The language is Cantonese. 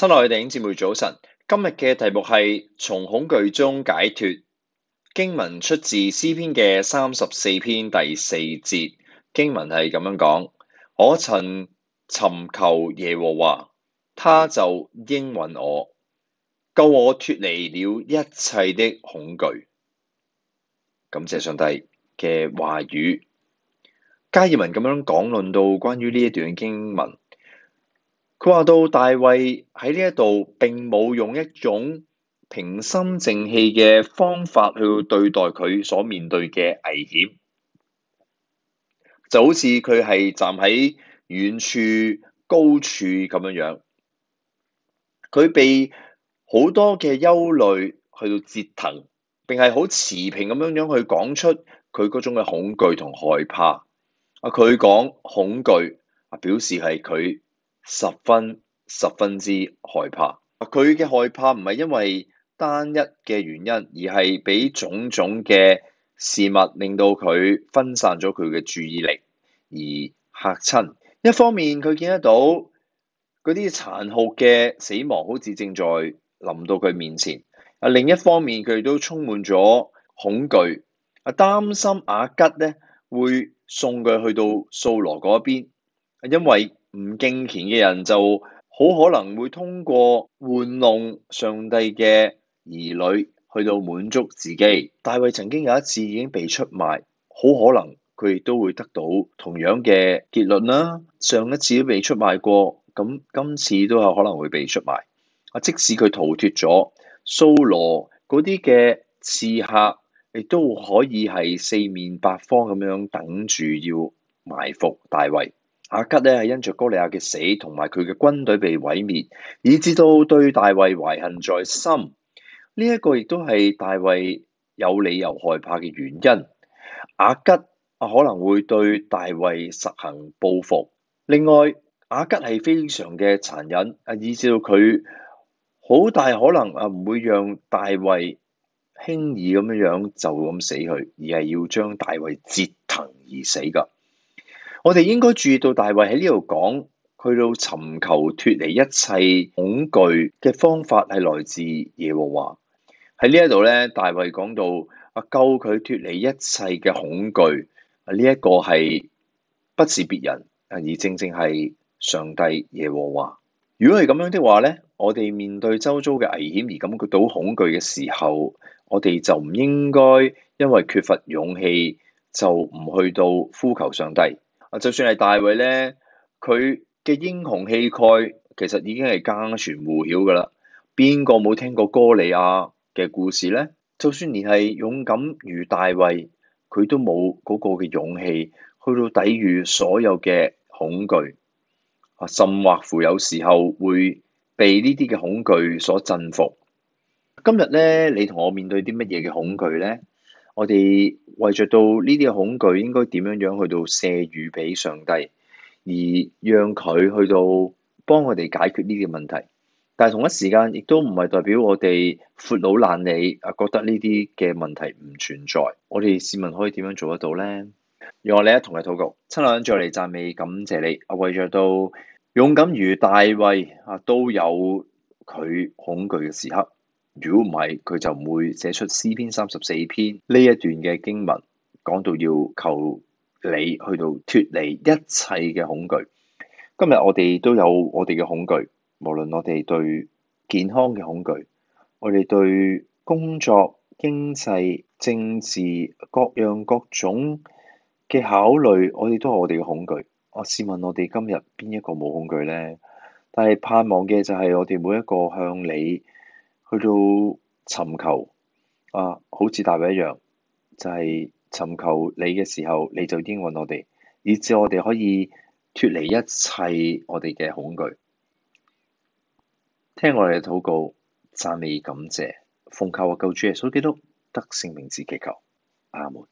親愛的弟兄姊妹早晨，今日嘅題目係從恐懼中解脫。經文出自詩篇嘅三十四篇第四節，經文係咁樣講：我曾尋求耶和華，他就應允我，救我脫離了一切的恐懼。感謝上帝嘅話語。加爾文咁樣講論到關於呢一段經文。佢話到大衛喺呢一度，並冇用一種平心靜氣嘅方法去對待佢所面對嘅危險，就好似佢係站喺遠處高處咁樣樣。佢被好多嘅憂慮去到折騰，並係好持平咁樣樣去講出佢嗰種嘅恐懼同害怕。啊，佢講恐懼啊，表示係佢。十分十分之害怕，啊！佢嘅害怕唔係因為單一嘅原因，而係俾種種嘅事物令到佢分散咗佢嘅注意力而嚇親。一方面佢見得到嗰啲殘酷嘅死亡好似正在臨到佢面前，啊！另一方面佢都充滿咗恐懼，啊！擔心阿吉咧會送佢去到掃羅嗰邊，因為。唔敬虔嘅人就好可能會通過玩弄上帝嘅兒女去到滿足自己。大衛曾經有一次已經被出賣，好可能佢亦都會得到同樣嘅結論啦。上一次都被出賣過，咁今次都有可能會被出賣。啊，即使佢逃脫咗，掃羅嗰啲嘅刺客亦都可以係四面八方咁樣等住要埋伏大衛。亞吉咧，係因着歌利亞嘅死同埋佢嘅軍隊被毀滅，以致到對大衛懷恨在心。呢、這、一個亦都係大衛有理由害怕嘅原因。亞吉啊可能會對大衛實行報復。另外，亞吉係非常嘅殘忍啊，以至到佢好大可能啊唔會讓大衛輕易咁樣樣就咁死去，而係要將大衛折騰而死噶。我哋應該注意到，大衛喺呢度講，去到尋求脫離一切恐懼嘅方法係來自耶和華。喺呢一度咧，大衛講到啊，救佢脫離一切嘅恐懼啊，呢一個係不是別人，而正正係上帝耶和華。如果係咁樣的話咧，我哋面對周遭嘅危險而感覺到恐懼嘅時候，我哋就唔應該因為缺乏勇氣就唔去到呼求上帝。就算係大衛咧，佢嘅英雄氣概其實已經係家傳戶曉噶啦。邊個冇聽過歌利亞嘅故事咧？就算連係勇敢如大衛，佢都冇嗰個嘅勇氣去到抵禦所有嘅恐懼。啊，甚或乎有時候會被呢啲嘅恐懼所鎮服。今日咧，你同我面對啲乜嘢嘅恐懼咧？我哋為着到呢啲恐懼，應該點樣樣去到卸淤俾上帝，而讓佢去到幫我哋解決呢啲問題。但係同一時間，亦都唔係代表我哋闊老懶理啊，覺得呢啲嘅問題唔存在。我哋市民可以點樣做得到咧？讓我哋一同嚟禱告，親愛再嚟讚美感謝你。啊，為著到勇敢如大衛啊，都有佢恐懼嘅時刻。如果唔係佢就唔會寫出詩篇三十四篇呢一段嘅經文，講到要求你去到脱離一切嘅恐懼。今日我哋都有我哋嘅恐懼，無論我哋對健康嘅恐懼，我哋對工作、經濟、政治各樣各種嘅考慮，我哋都係我哋嘅恐懼。我試問我哋今日邊一個冇恐懼呢？但係盼望嘅就係我哋每一個向你。去到尋求啊，好似大衛一樣，就係、是、尋求你嘅時候，你就應允我哋，以致我哋可以脫離一切我哋嘅恐懼。聽我哋嘅禱告，讚你感謝，奉靠我救主耶穌基督，得勝名字祈求，阿門。